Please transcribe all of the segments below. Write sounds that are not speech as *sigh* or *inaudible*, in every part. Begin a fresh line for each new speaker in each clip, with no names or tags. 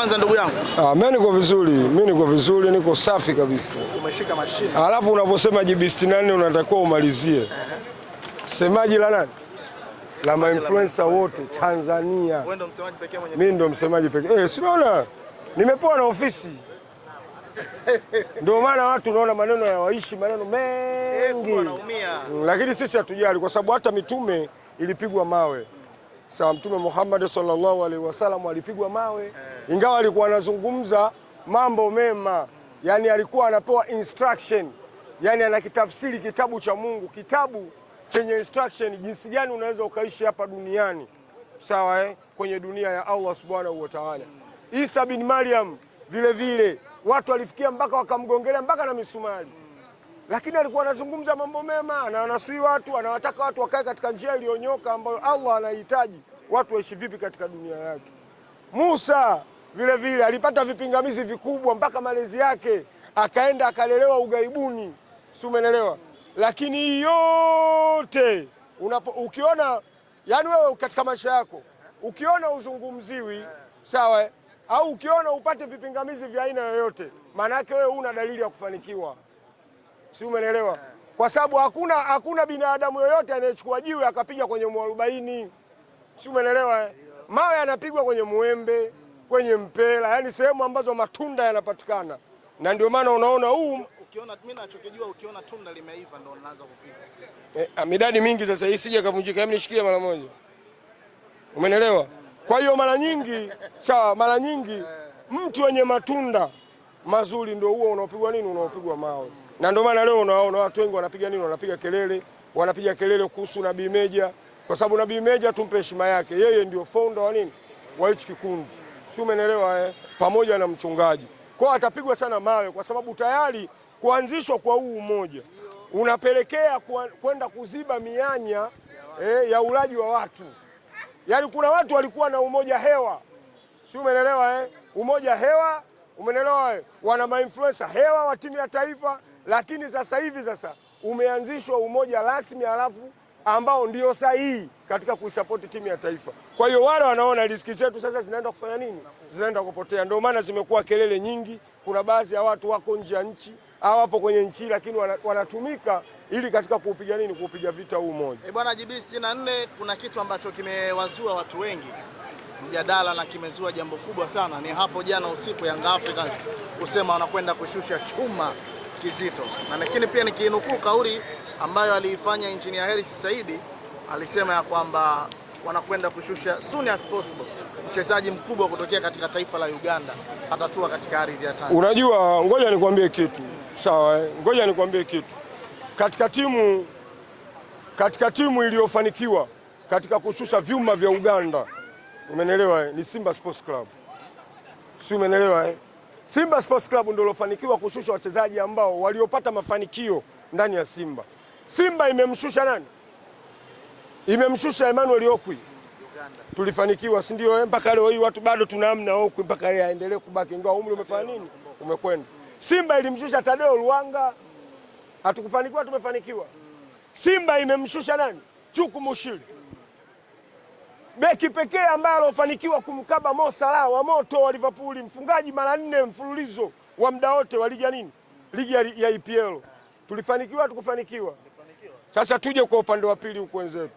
kwanza ndugu yangu? Ah, mimi niko vizuri, mimi niko vizuri, niko safi kabisa. Umeshika mashine. Alafu unaposema jibu 64 unatakiwa umalizie. Semaji la nani? La influencer wote Tanzania. Wewe ndio msemaji pekee mwenye. Mimi ndio msemaji pekee. Eh, si unaona? Nimepoa na ofisi. *laughs* Ndio maana watu unaona maneno ya waishi maneno mengi. Hey, mm, lakini sisi hatujali kwa sababu hata mitume ilipigwa mawe sawa Mtume Muhammad sallallahu alaihi wasallam alipigwa mawe, eh. ingawa alikuwa anazungumza mambo mema, yani alikuwa anapewa instruction, yani anakitafsiri kitabu cha Mungu, kitabu chenye instruction, jinsi gani unaweza ukaishi hapa duniani sawa, eh? kwenye dunia ya Allah subhanahu wa ta'ala. Isa bin Maryam vile vile watu walifikia mpaka wakamgongelea mpaka na misumari, lakini alikuwa anazungumza mambo mema na anasui watu, anawataka watu wakae katika njia iliyonyoka ambayo Allah anahitaji watu waishi vipi katika dunia yake. Musa vile vile alipata vipingamizi vikubwa mpaka malezi yake akaenda akalelewa ugaibuni, si umeelewa? Lakini yote unapo, ukiona yani wewe katika maisha yako ukiona uzungumziwi sawa, au ukiona upate vipingamizi vya aina yoyote, maana yake wewe una dalili ya kufanikiwa, si umeelewa? Kwa sababu hakuna hakuna binadamu yoyote anayechukua jiwe akapiga kwenye mwarobaini si umeelewa eh? Mawe yanapigwa kwenye muembe, kwenye mpela, yani sehemu ambazo matunda yanapatikana, na ndio maana unaona huu
ukiona mimi nachokijua, ukiona tunda limeiva ndio unaanza kupiga.
Eh, ah, midadi mingi sasa hii sija kavunjika, hebu nishikie mara moja. Umenelewa? Kwa hiyo mara nyingi sawa, mara nyingi mtu wenye matunda mazuri ndio huo unaopigwa nini, unaopigwa mawe. Na ndio maana leo unaona watu wengi wanapiga nini, wanapiga kelele, wanapiga kelele kuhusu Nabii Meja kwa sababu Nabii Meja tumpe heshima yake, yeye ndio founder wa nini wa hichi kikundi, si umeelewa eh? Pamoja na mchungaji kwao, atapigwa sana mawe kwa sababu tayari kuanzishwa kwa huu umoja unapelekea kwenda kuziba mianya eh, ya ulaji wa watu. Yaani kuna watu walikuwa na umoja hewa, si umeelewa eh? Umoja hewa, umeelewa eh? Wana mainfluencer hewa wa timu ya taifa, lakini sasa hivi sasa umeanzishwa umoja rasmi halafu ambao ndio sahihi katika kuisapoti timu ya taifa. Kwa hiyo wale wanaona riski zetu sasa zinaenda kufanya nini? Zinaenda kupotea. Ndio maana zimekuwa kelele nyingi. Kuna baadhi ya watu wako nje ya nchi au wapo kwenye nchi lakini wanatumika ili katika kuupiga nini, kuupiga vita huu moja
Eh, bwana JB 64 kuna kitu ambacho kimewazua watu wengi mjadala na kimezua jambo kubwa sana, ni hapo jana usiku Yanga Africans kusema wanakwenda kushusha chuma kizito, na lakini pia nikiinukuu kauli ambayo aliifanya Engineer Harris Saidi, alisema ya kwamba wanakwenda kushusha soon as possible mchezaji mkubwa kutokea katika taifa la Uganda atatua katika ardhi ya Tanzania.
Unajua, ngoja nikwambie kitu sawa, eh? ngoja nikwambie kitu katika timu katika timu iliyofanikiwa katika kushusha vyuma vya Uganda, umenelewa eh? Ni Simba Sports Club, si umenelewa eh? Simba Sports Club ndio ilofanikiwa kushusha wachezaji ambao waliopata mafanikio ndani ya Simba. Simba imemshusha nani? Imemshusha Emmanuel Okwi Uganda. Tulifanikiwa si ndio? Eh? Mpaka leo hii watu bado tunaamna Okwi mpaka leo aendelee kubaki, ingawa umri umefanya nini, umekwenda. Simba ilimshusha Tadeo Luanga, hatukufanikiwa, tumefanikiwa. Simba imemshusha nani? Chuku Mushiri, beki pekee ambaye alofanikiwa kumkaba Mo Salah wa moto wa Liverpool, mfungaji mara nne mfululizo wa muda wote wa ligi ya nini, ligi ya IPL. Tulifanikiwa, hatukufanikiwa sasa tuje kwa upande wa pili huku, wenzetu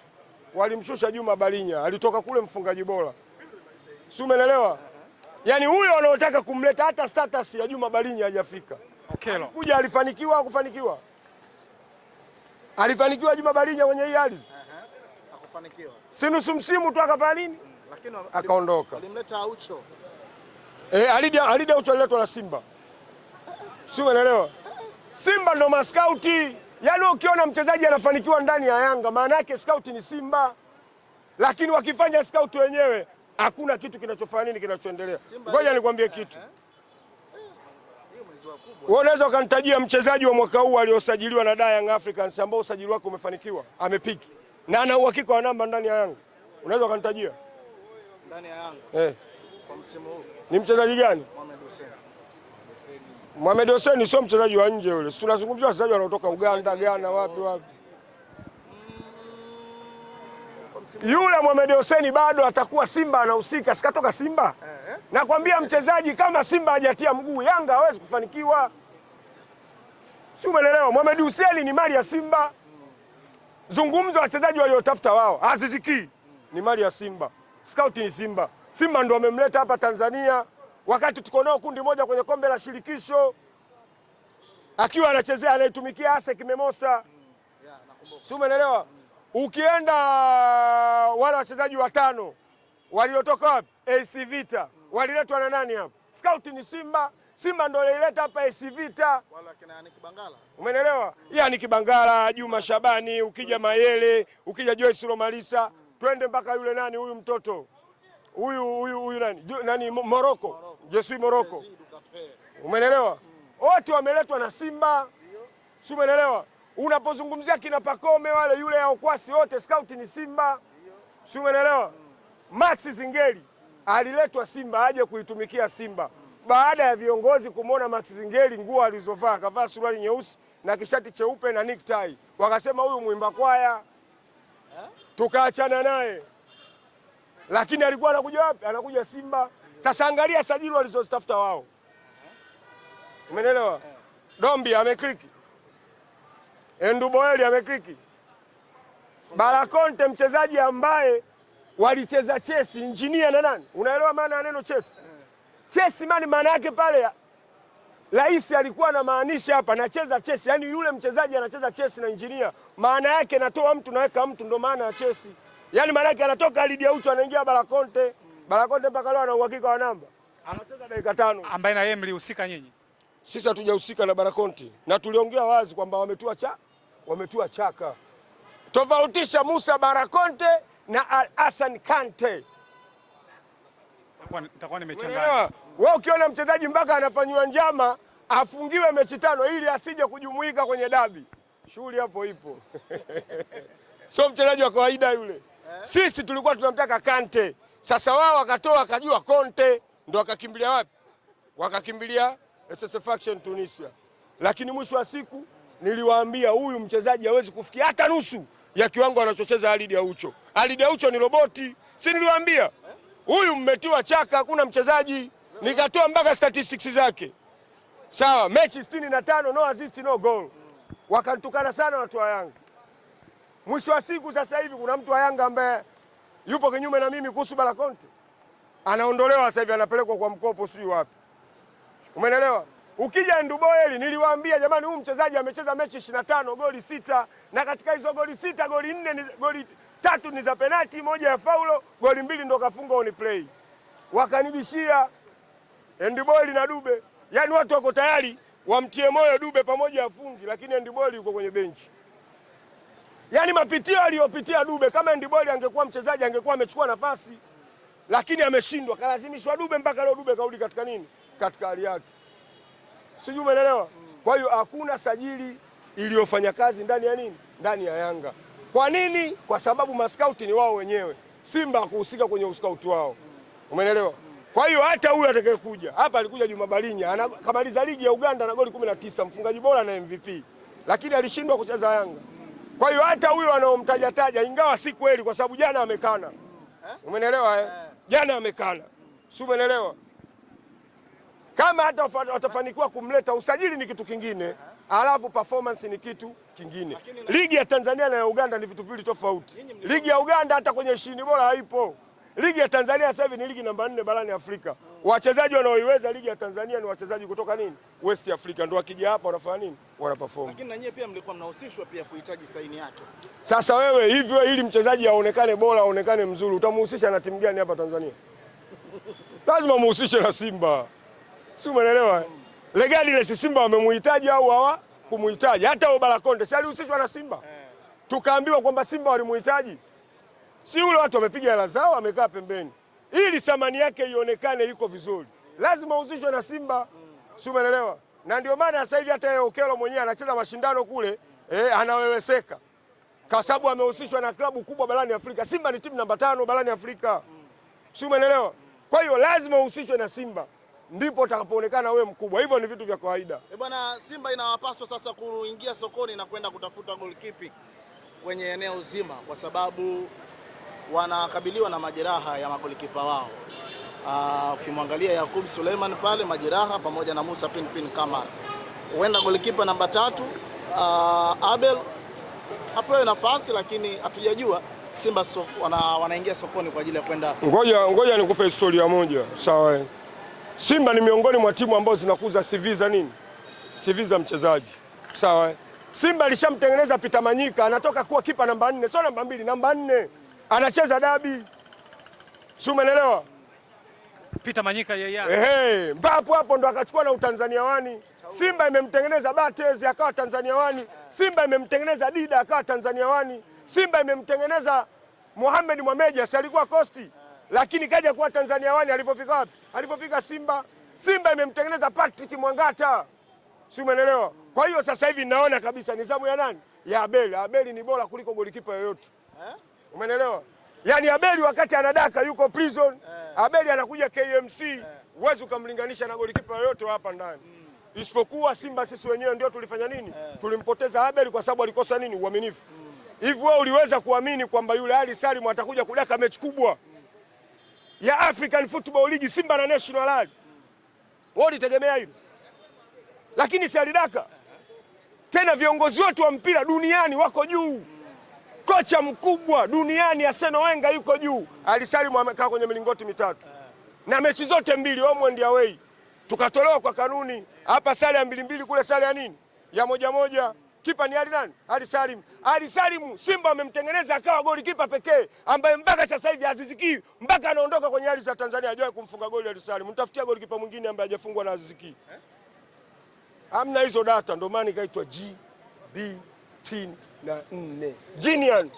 walimshusha Juma Balinya, alitoka kule mfungaji bora, si umeelewa? Yaani huyo anaotaka kumleta hata status ya Juma Balinya hajafika. Okelo kuja alifanikiwa au kufanikiwa? Alifanikiwa Juma Balinya kwenye hii ardhi
hakufanikiwa, uh-huh.
si nusu msimu tu akafanya nini? Mm,
lakini akaondoka. Alimleta Aucho
eh, alida alida Aucho aliletwa na Simba, si umeelewa? Simba ndo maskauti Yaani ukiona mchezaji anafanikiwa ndani ya Yanga, maana yake scout ni Simba, lakini wakifanya scout wenyewe hakuna kitu kinachofanya nini kinachoendelea. Ngoja nikwambie kitu, eh, eh. wewe unaweza ukanitajia mchezaji wa mwaka huu aliosajiliwa na Young Africans ambao usajili wake umefanikiwa, amepiki na ana uhakika wa namba ndani ya Yanga, unaweza ukanitajia ndani ya Yanga eh,
kwa msimu huu ni mchezaji gani? Mohamed Hussein.
Mohamed Hussein sio mchezaji wa nje yule. Si unazungumzia wachezaji wanaotoka Uganda, Ghana, wapi wapi. Yule Mohamed Hussein bado atakuwa Simba anahusika, sikatoka Simba. Eh, eh. Nakwambia mchezaji kama Simba hajatia mguu, Yanga hawezi kufanikiwa. Si umeelewa? Mohamed Hussein ni mali ya Simba. Zungumza wachezaji waliotafuta wao. Aziziki ni mali ya Simba. Scout ni Simba. Simba ndio wamemleta hapa Tanzania wakati tuko nao kundi moja kwenye kombe la shirikisho, akiwa anachezea anaitumikia ASEC Mimosas, si umeelewa? Ukienda wale wachezaji watano waliotoka wapi? AC Vita waliletwa na nani hapa? Scout ni Simba. Simba ndo alileta hapa AC Vita. Wala kina Yannick Kibangala. Umeelewa? Mm. Yani Kibangala, Juma Shabani, ukija Mayele, ukija Joyce Romalisa, mm. Twende mpaka yule nani huyu mtoto huyu huyu huyu nani nani Moroko Jesui Moroko, umenelewa? Mm. Wote wameletwa na Simba, si umenelewa? Unapozungumzia kina Pakome wale yule ya Okwasi wote scout ni Simba, si umenelewa? mm. Zingeli mm. aliletwa Simba aje kuitumikia Simba mm. baada ya viongozi kumwona Max Zingeli nguo alizovaa, akavaa suruali nyeusi na kishati cheupe na necktie, wakasema huyu mwimba kwaya eh? tukaachana naye lakini alikuwa anakuja wapi? Anakuja Simba. Sasa angalia sajili walizozitafuta wao, umeelewa? Dombi amekliki, Enduboeli amekliki, Balakonte mchezaji ambaye walicheza chesi injinia na nani, unaelewa maana ya neno chesi? Chesi mani maana yake pale rais alikuwa anamaanisha hapa nacheza chesi, yaani yule mchezaji anacheza chesi na injinia, maana yake natoa mtu naweka mtu, ndo maana ya chesi. Yaani maanake anatoka Ali Uchu anaingia barakonte Barakonte mpaka leo ana uhakika wa namba. Anacheza dakika tano. Ambaye na yeye mlihusika nyinyi. Sisi hatujahusika na barakonte Na tuliongea wazi kwamba wametua cha wametua chaka. Tofautisha Musa Barakonte na Al Hassan Kante. Nitakuwa nimechanganya. Wewe ukiona mchezaji mpaka anafanywa njama afungiwe mechi tano ili asije kujumuika kwenye dabi, shughuli hapo ipo. Sio *laughs* mchezaji wa kawaida yule. Sisi tulikuwa tunamtaka Kante, sasa wao wakatoa wakajua Conte, ndo wakakimbilia wapi? Wakakimbilia Faction Tunisia. Lakini mwisho wa siku niliwaambia huyu mchezaji hawezi kufikia hata nusu ya kiwango anachocheza Alidi Aucho. Alidi Aucho ni roboti, si niliwaambia huyu mmetiwa chaka, hakuna mchezaji. Nikatoa mpaka statistics zake, sawa, mechi sitini na tano no assist no goal. wakantukana sana watu wa Yanga. Mwisho wa siku sasa hivi kuna mtu wa Yanga ambaye yupo kinyume na mimi kuhusu Bala Conte anaondolewa sasa hivi, anapelekwa kwa mkopo sio wapi, umeelewa? Ukija Nduboeli, niliwaambia jamani, huyu mchezaji amecheza mechi ishirini na tano goli sita na katika hizo goli sita goli nne ni goli tatu ni za penati, moja ya faulo, goli mbili ndo kafunga on play. Wakanibishia e, Nduboyeli na Dube, yaani watu wako tayari wamtie moyo Dube pamoja afungi, lakini Nduboyeli yuko kwenye benchi. Yaani mapitio aliyopitia Dube, kama Ndiboli angekuwa mchezaji angekuwa amechukua nafasi, lakini ameshindwa, kalazimishwa Dube mpaka leo Dube kaudi katika nini, katika hali yake, sijui umeelewa. Kwa hiyo hakuna sajili iliyofanya kazi ndani ya nini, ndani ya Yanga. Kwa nini? Kwa sababu maskauti ni wao wenyewe, Simba hakuhusika kwenye uskauti wao, umeelewa. Kwa hiyo hata huyu atakayekuja hapa, alikuja Juma Balinya kamaliza ligi ya Uganda na goli 19 mfungaji bora na MVP, lakini alishindwa kucheza Yanga. Kwa hiyo hata huyo anaomtajataja, ingawa si kweli, kwa sababu jana amekana. Umenelewa eh? Jana amekana, si umenelewa? Kama hata watafanikiwa kumleta, usajili ni kitu kingine, alafu performance ni kitu kingine. Ligi ya Tanzania na ya Uganda ni vitu viwili tofauti. Ligi ya Uganda hata kwenye ishirini bora haipo. Ligi ya Tanzania sasa hivi ni ligi namba nne barani Afrika. Wachezaji wanaoiweza ligi ya Tanzania ni wachezaji kutoka nini? West Africa ndio wakija hapa wanafanya nini? Wana perform.
Lakini na nyie pia mlikuwa mnahusishwa pia kuhitaji saini yake.
Sasa wewe hivyo ili mchezaji aonekane bora, aonekane mzuri, utamhusisha na timu gani hapa Tanzania? *laughs* Lazima muhusishe na Simba. Si umeelewa? Mm. Regardless Simba wamemuhitaji au hawa kumuhitaji. Hata Obala Konde si alihusishwa na Simba. Eh. Tukaambiwa kwamba Simba walimuhitaji si ule watu wamepiga hela zao wamekaa pembeni, ili thamani yake ionekane iko vizuri, lazima uzishwe na Simba, si umeelewa? Na ndio maana sasa hivi hata yeye Okelo mwenyewe anacheza mashindano kule eh, anaweweseka kwa sababu amehusishwa na klabu kubwa barani Afrika. Simba ni timu namba tano barani Afrika, si umeelewa? Kwa hiyo lazima uhusishwe na Simba ndipo utakapoonekana wewe mkubwa. Hivyo ni vitu vya kawaida
e bwana. Simba inawapaswa sasa kuingia sokoni na kwenda kutafuta goalkeeper kwenye eneo zima, kwa sababu wanakabiliwa na majeraha ya magolikipa wao. Ah, ukimwangalia Yakub Suleiman pale majeraha pamoja na Musa Pinpin Kamara, huenda golikipa namba tatu uh, Abel apewe nafasi, lakini hatujajua Simba so, wana, wanaingia sokoni kwa ajili ya kwenda. Ngoja
ngoja nikupe historia moja sawa. Eh. Simba ni miongoni mwa timu ambazo zinakuza CV za nini, CV za mchezaji sawa. Eh. Simba alishamtengeneza Pita Manyika, anatoka kuwa kipa namba nne, sio namba mbili, namba nne anacheza dabi, si umeelewa?
Peter Manyika yeye Hey,
mbapo hapo ndo akachukua na Utanzania wani. Simba imemtengeneza Batezi akawa Tanzania wani, Simba imemtengeneza Dida akawa Tanzania wani, Simba imemtengeneza Mohamed Mwameja, si alikuwa kosti, lakini kaja kuwa Tanzania wani. Alipofika wapi? Alipofika Simba, Simba imemtengeneza Patrick Mwangata, si umeelewa? Kwa hiyo sasa hivi naona kabisa ni zamu ya nani? Ya Abeli. Abeli ni bora kuliko golikipa yoyote. Eh? Umenelewa? Yaani Abeli wakati anadaka yuko prison eh. Abeli anakuja KMC eh. Huwezi ukamlinganisha na golikipa yoyote hapa ndani mm. Isipokuwa Simba sisi wenyewe ndio tulifanya nini eh. Tulimpoteza Abeli kwa sababu alikosa nini uaminifu mm. hivi mm. Wewe uliweza kuamini kwamba yule Ali Salim atakuja kudaka mechi kubwa mm. ya African Football League Simba na National League mm. Wewe ulitegemea hilo, lakini si alidaka eh. tena. Viongozi wetu wa mpira duniani wako juu mm kocha mkubwa duniani Arsene Wenger yuko juu. Ally Salim amekaa kwenye milingoti mitatu na mechi zote mbili home and away, tukatolewa kwa kanuni hapa, sare ya mbili mbili, kule sare ya nini ya moja moja. Kipa ni Ali nani? Ali Salim. Ali Salim Simba amemtengeneza akawa goli kipa pekee ambaye mpaka sasa hivi Aziziki mpaka anaondoka kwenye ardhi za Tanzania hajawahi kumfunga goli Ali Salim. Mtafutia goli kipa mwingine ambaye hajafungwa na Aziziki. Hamna hizo data ndio maana ikaitwa GB sitini na nne.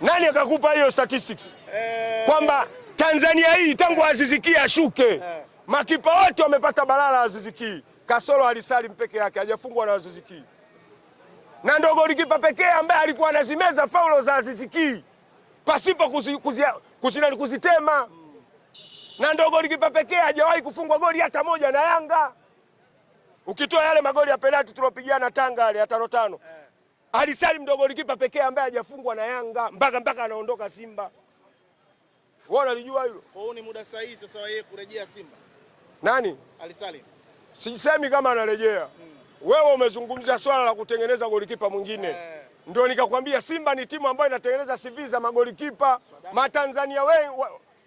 Nani akakupa hiyo statistics eh. kwamba Tanzania hii tangu Aziziki ashuke eh. makipa wote wamepata balala Aziziki, kasoro alisali mpeke yake hajafungwa na Aziziki, na ndio golikipa pekee ambaye alikuwa anazimeza faulo za Aziziki pasipo kuzi, kuzi, kuzi, kuzi, kuzitema, mm. na ndo golikipa pekee hajawahi kufungwa goli hata moja na Yanga. Ukitoa yale magoli ya penalti tuliopigana Tanga yale ya tano tano. Eh. Ali Salim ndio golikipa pekee ambaye hajafungwa na Yanga mpaka mpaka anaondoka Simba. Wewe unalijua hilo?
Kwa hiyo ni muda sahihi sasa yeye kurejea Simba. Nani? Ali Salim.
Sisemi kama anarejea. Hmm. Wewe umezungumzia swala la kutengeneza golikipa mwingine. Eh. Ndio nikakwambia Simba ni timu ambayo inatengeneza CV za magolikipa. Matanzania wengi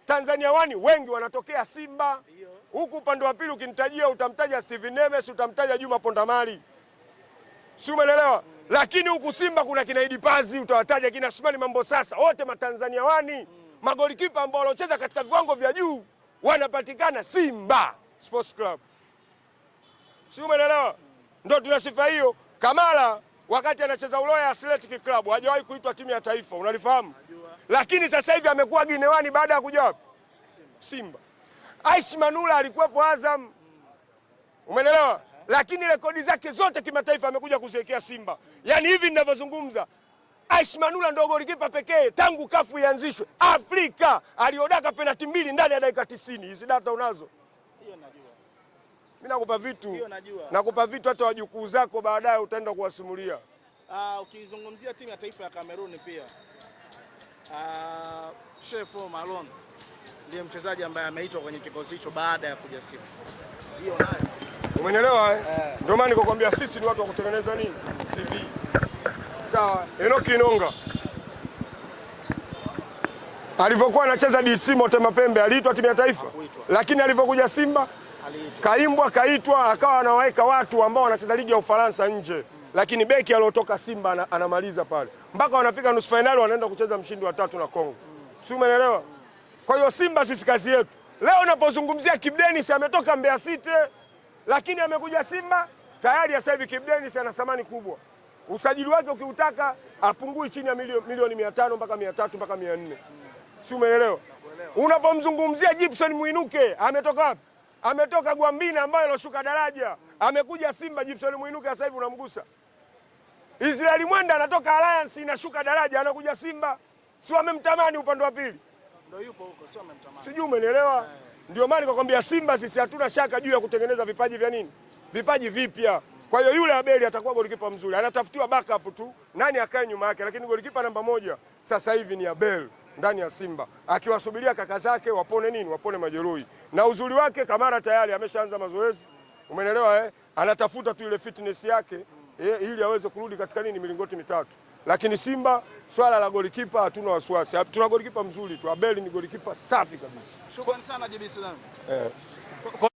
Tanzania wani wengi wanatokea Simba huku upande wa pili ukinitajia utamtaja Steven Nemes, utamtaja Juma Pondamali, si umeelewa? Lakini huku Simba kuna kina Idi Pazi, utawataja kina Sumani Mambo, sasa wote Matanzania wani magolikipa ambao walocheza katika viwango vya juu wanapatikana Simba Sports Club, si umeelewa? Ndio tuna sifa hiyo. Kamala wakati anacheza Uloya Athletic Club hajawahi kuitwa timu ya taifa, unalifahamu? Lakini sasa hivi amekuwa Ginewani baada ya kuja wapi Simba. Aishi Manula alikuwepo Azam, umeelewa? Lakini rekodi zake zote kimataifa amekuja kuziwekea Simba. Yaani hivi ninavyozungumza, Aishi Manula ndio golikipa pekee tangu kafu ianzishwe Afrika aliodaka penati mbili ndani ya dakika 90. Hizi data unazo? Hiyo najua. Mimi nakupa vitu. Hiyo najua. Nakupa vitu hata wajukuu zako baadaye utaenda kuwasimulia.
Uh, ukizungumzia timu ya taifa ya Kamerun pia uh, Chef Malone ndiye mchezaji ambaye ameitwa kwenye kikosi hicho baada ya kuja Simba. Hiyo nayo
umenielewa eh? eh. Ndio maana nikokuambia sisi ni watu wa kutengeneza nini CV. Sawa, Enoki Inonga alivyokuwa anacheza DC Motema Mapembe aliitwa timu ya taifa, lakini alivyokuja Simba kaimbwa kaitwa, akawa anawaweka watu ambao wanacheza ligi ya Ufaransa nje Lakini beki aliotoka Simba anamaliza pale mpaka wanafika nusu fainali, wanaenda kucheza mshindi wa tatu na Kongo si umeelewa? Kwa hiyo Simba sisi kazi yetu leo, unapozungumzia Kibdenis ametoka Mbeya City, lakini amekuja Simba tayari. Sasa hivi Kibdenis ana thamani kubwa, usajili wake ukiutaka apungui chini ya milioni mia tano mpaka mia tatu mpaka mia nne si umeelewa? Unapomzungumzia Gibson Mwinuke ametoka wapi? Ametoka Gwambina ambayo aloshuka daraja, amekuja Simba. Gibson Mwinuke sasa hivi unamgusa. Israeli Mwenda anatoka Alliance inashuka daraja, anakuja Simba, si wamemtamani upande wa pili
ndio yupo huko, sio amemtamani.
Sijui umenielewa? Eh. Ndio maana nikakwambia Simba sisi hatuna shaka juu ya kutengeneza vipaji vya nini, vipaji vipya. Kwa hiyo yule Abeli atakuwa golikipa mzuri, anatafutiwa backup tu, nani akae nyuma yake, lakini golikipa namba moja sasa hivi ni Abel ndani ya Simba, akiwasubiria kaka zake wapone nini, wapone majeruhi. Na uzuri wake Kamara tayari ameshaanza mazoezi, umeelewa eh? Anatafuta tu ile fitness yake. Eh, ili aweze kurudi katika nini milingoti mitatu. Lakini Simba swala la golikipa hatuna wasiwasi, tuna golikipa mzuri tu. Abeli ni golikipa safi kabisa. Shukrani sana JB Salam. Eh.